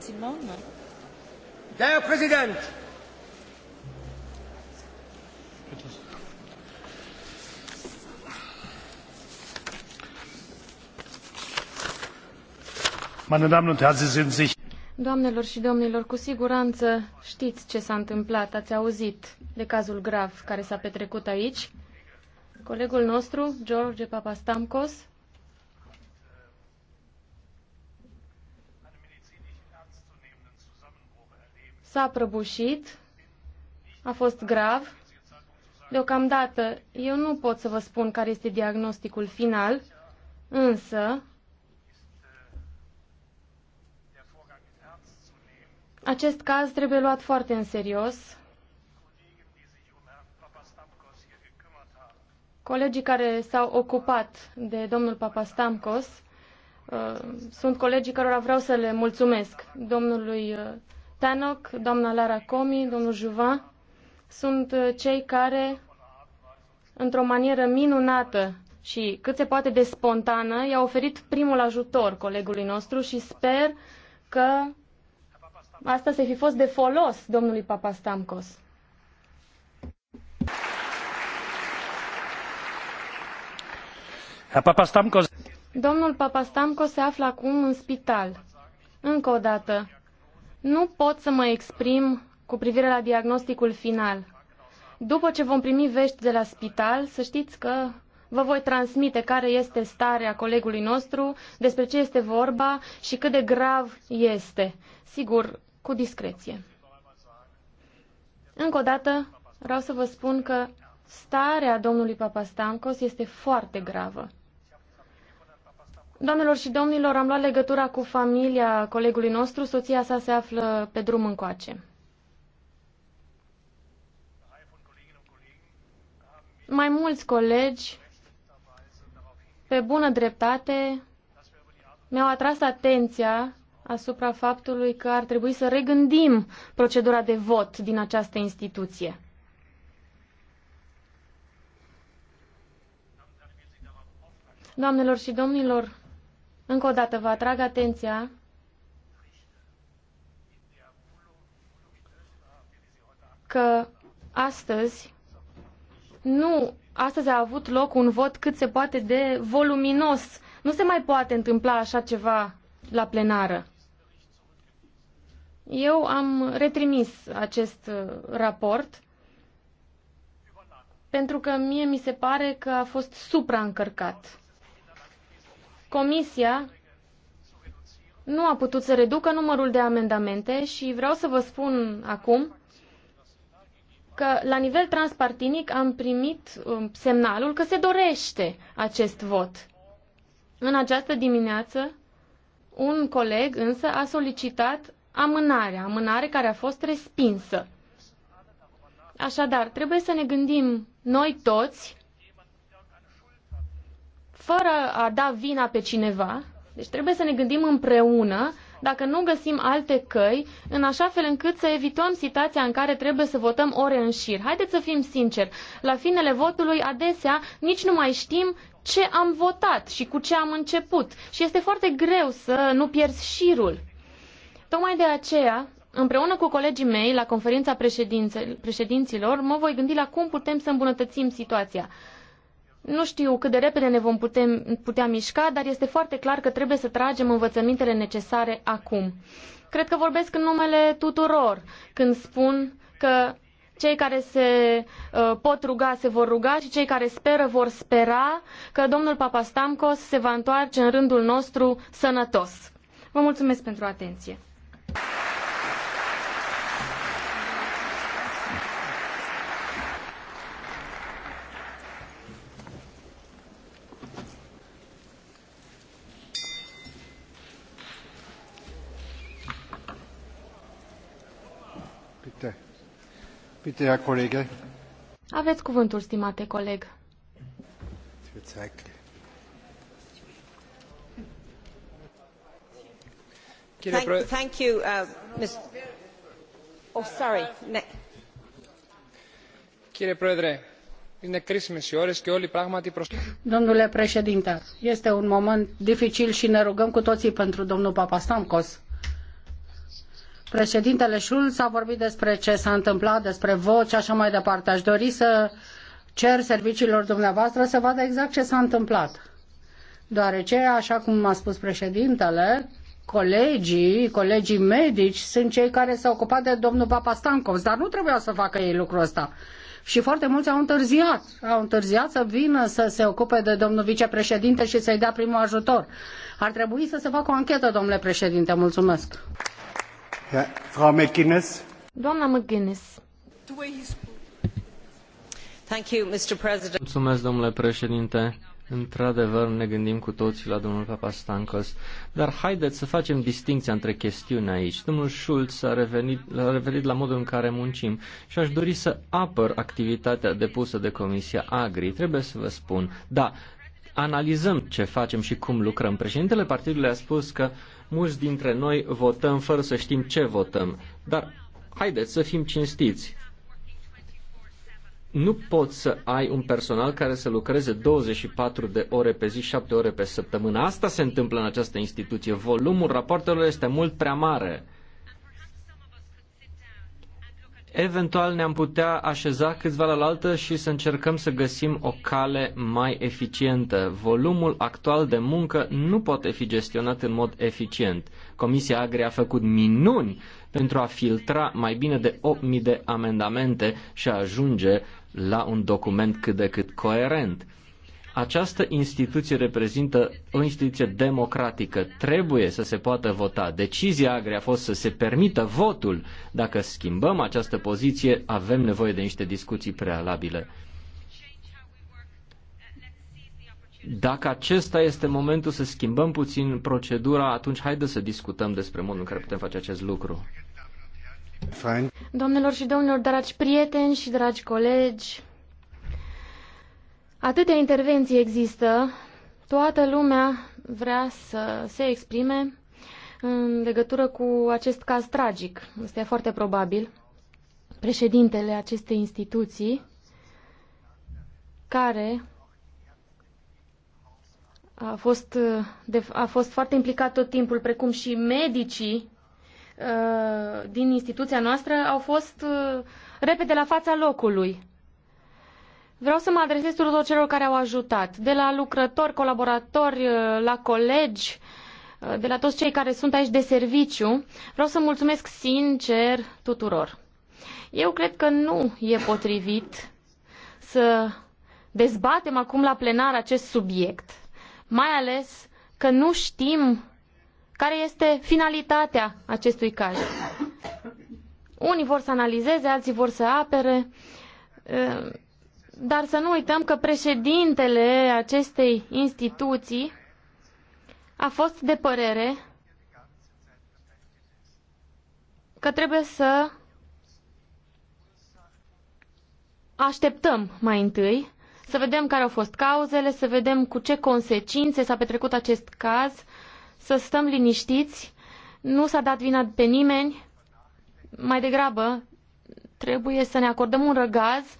Simon? Doamnelor și domnilor, cu siguranță știți ce s-a întâmplat, ați auzit de cazul grav care s-a petrecut aici. Colegul nostru, George Papastamkos, s-a prăbușit, a fost grav. Deocamdată eu nu pot să vă spun care este diagnosticul final, însă acest caz trebuie luat foarte în serios. Colegii care s-au ocupat de domnul Papastamkos uh, sunt colegii cărora vreau să le mulțumesc, domnului uh, Tanok, doamna Lara Comi, domnul Juvan, sunt uh, cei care, într-o manieră minunată și cât se poate de spontană, i au oferit primul ajutor colegului nostru și sper că asta să fi fost de folos domnului Papa Stamkos. Domnul Papastamco se află acum în spital. Încă o dată, nu pot să mă exprim cu privire la diagnosticul final. După ce vom primi vești de la spital, să știți că vă voi transmite care este starea colegului nostru, despre ce este vorba și cât de grav este. Sigur, cu discreție. Încă o dată, vreau să vă spun că starea domnului Papastamkos este foarte gravă. Doamnelor și domnilor, am luat legătura cu familia colegului nostru. Soția sa se află pe drum încoace. Mai mulți colegi, pe bună dreptate, mi-au atras atenția asupra faptului că ar trebui să regândim procedura de vot din această instituție. Doamnelor și domnilor, încă o dată vă atrag atenția că astăzi nu astăzi a avut loc un vot cât se poate de voluminos. Nu se mai poate întâmpla așa ceva la plenară. Eu am retrimis acest uh, raport pentru că mie mi se pare că a fost supraîncărcat. Comisia nu a putut să reducă numărul de amendamente și vreau să vă spun acum că la nivel transpartinic am primit um, semnalul că se dorește acest vot. În această dimineață, un coleg însă a solicitat amânarea, amânare care a fost respinsă. Așadar, trebuie să ne gândim noi toți fără a da vina pe cineva. Deci trebuie să ne gândim împreună dacă nu găsim alte căi, în așa fel încât să evităm situația în care trebuie să votăm ore în șir. Haideți să fim sinceri, la finele votului adesea nici nu mai știm ce am votat și cu ce am început. Și este foarte greu să nu pierzi șirul. Tocmai de aceea, împreună cu colegii mei la conferința președinților, mă voi gândi la cum putem să îmbunătățim situația. Nu știu cât de repede ne vom putea, putea mișca, dar este foarte clar că trebuie să tragem învățămintele necesare acum. Cred că vorbesc în numele tuturor când spun că cei care se uh, pot ruga se vor ruga și cei care speră vor spera că domnul Papastamkos se va întoarce în rândul nostru sănătos. Vă mulțumesc pentru atenție. Aveți cuvântul, stimate coleg. Thank, thank you, uh, Mr. Oh, sorry. Ne... Κύριε Πρόεδρε, είναι κρίσιμες οι ώρες και όλοι πράγματι προς... Domnule președinte, este un moment dificil și ne rugăm cu toții pentru domnul Papastamkos Președintele Schulz a vorbit despre ce s-a întâmplat, despre voci și așa mai departe. Aș dori să cer serviciilor dumneavoastră să vadă exact ce s-a întâmplat. Deoarece, așa cum a spus președintele, colegii, colegii medici sunt cei care s-au ocupat de domnul Papa Stancov, dar nu trebuia să facă ei lucrul ăsta. Și foarte mulți au întârziat, au întârziat să vină să se ocupe de domnul vicepreședinte și să-i dea primul ajutor. Ar trebui să se facă o anchetă, domnule președinte. Mulțumesc. Frau McGuinness. Thank you, Mr. President. Într-adevăr, ne gândim cu toții la domnul Papastancos, dar haideți să facem distinția între chestiuni aici. Domnul Schulz a revenit, a revenit la modul în care muncim și aș dori să apăr activitatea depusă de Comisia Agri. Trebuie să vă spun, da, analizăm ce facem și cum lucrăm. Președintele partidului a spus că Mulți dintre noi votăm fără să știm ce votăm, dar haideți să fim cinstiți. Nu poți să ai un personal care să lucreze 24 de ore pe zi, 7 ore pe săptămână. Asta se întâmplă în această instituție. Volumul rapoartelor este mult prea mare. Eventual ne-am putea așeza câțiva la altă și să încercăm să găsim o cale mai eficientă. Volumul actual de muncă nu poate fi gestionat în mod eficient. Comisia Agri a făcut minuni pentru a filtra mai bine de 8.000 de amendamente și a ajunge la un document cât de cât coerent. Această instituție reprezintă o instituție democratică. Trebuie să se poată vota. Decizia agri a fost să se permită votul. Dacă schimbăm această poziție, avem nevoie de niște discuții prealabile. Dacă acesta este momentul să schimbăm puțin procedura, atunci haide să discutăm despre modul în care putem face acest lucru. Fine. Domnilor, și domnilor, dragi prieteni și dragi colegi, Atâtea intervenții există, toată lumea vrea să se exprime în legătură cu acest caz tragic. Este foarte probabil. Președintele acestei instituții, care a fost, a fost foarte implicat tot timpul, precum și medicii uh, din instituția noastră, au fost uh, repede la fața locului Vreau să mă adresez tuturor celor care au ajutat, de la lucrători, colaboratori, uh, la colegi, uh, de la toți cei care sunt aici de serviciu. Vreau să mulțumesc sincer tuturor. Eu cred că nu e potrivit să dezbatem acum la plenar acest subiect, mai ales că nu știm care este finalitatea acestui caz. Unii vor să analizeze, alții vor să apere. Uh, dar să nu uităm că președintele acestei instituții a fost de părere că trebuie să așteptăm mai întâi, să vedem care au fost cauzele, să vedem cu ce consecințe s-a petrecut acest caz, să stăm liniștiți, nu s-a dat vina pe nimeni, mai degrabă trebuie să ne acordăm un răgaz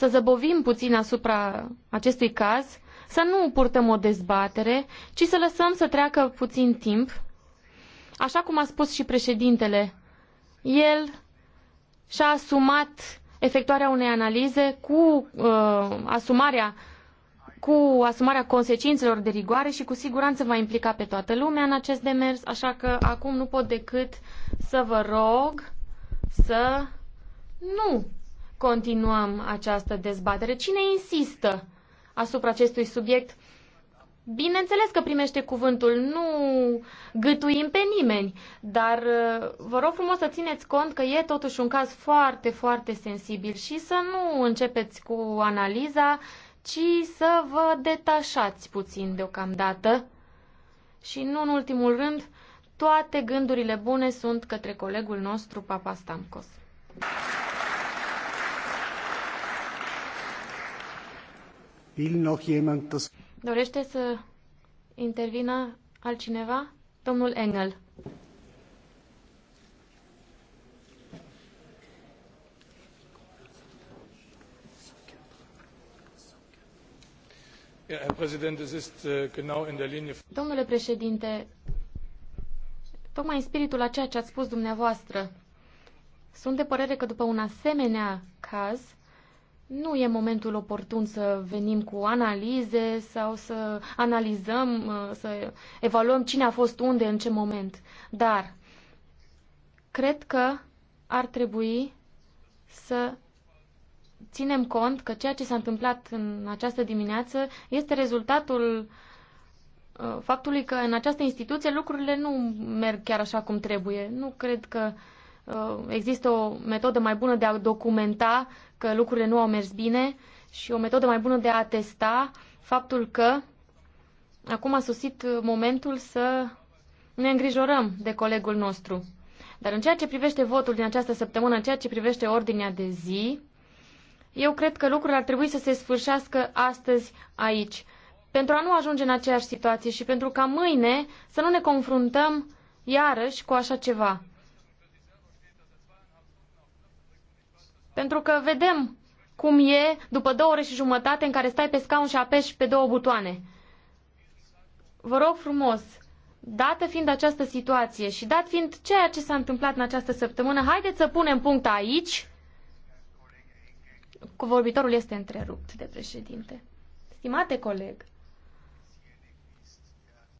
să zăbovim puțin asupra acestui caz, să nu purtăm o dezbatere, ci să lăsăm să treacă puțin timp. Așa cum a spus și președintele, el și-a asumat efectuarea unei analize cu uh, asumarea cu asumarea consecințelor de rigoare și cu siguranță va implica pe toată lumea în acest demers, așa că acum nu pot decât să vă rog să nu continuăm această dezbatere. Cine insistă asupra acestui subiect? Bineînțeles că primește cuvântul, nu gâtuim pe nimeni, dar uh, vă rog frumos să țineți cont că e totuși un caz foarte, foarte sensibil și să nu începeți cu analiza, ci să vă detașați puțin deocamdată. Și nu în ultimul rând, toate gândurile bune sunt către colegul nostru, Papa Stamkos. Dorește să intervină altcineva? Domnul Engel. Äh, Domnule președinte, tocmai în spiritul a ceea ce ați spus dumneavoastră, sunt de părere că după un asemenea caz, nu e momentul oportun să venim cu analize sau să analizăm, uh, să evaluăm cine a fost unde, în ce moment. Dar cred că ar trebui să ținem cont că ceea ce s-a întâmplat în această dimineață este rezultatul uh, faptului că în această instituție lucrurile nu merg chiar așa cum trebuie. Nu cred că uh, Uh, există o metodă mai bună de a documenta că lucrurile nu au mers bine și o metodă mai bună de a atesta faptul că acum a sosit momentul să ne îngrijorăm de colegul nostru. Dar în ceea ce privește votul din această săptămână, în ceea ce privește ordinea de zi, eu cred că lucrurile ar trebui să se sfârșească astăzi aici, pentru a nu ajunge în aceeași situație și pentru ca mâine să nu ne confruntăm iarăși cu așa ceva. Pentru că vedem cum e după două ore și jumătate în care stai pe scaun și apeși pe două butoane. Vă rog frumos, dată fiind această situație și dat fiind ceea ce s-a întâmplat în această săptămână, haideți să punem punct aici. Vorbitorul este întrerupt de președinte. Stimate coleg,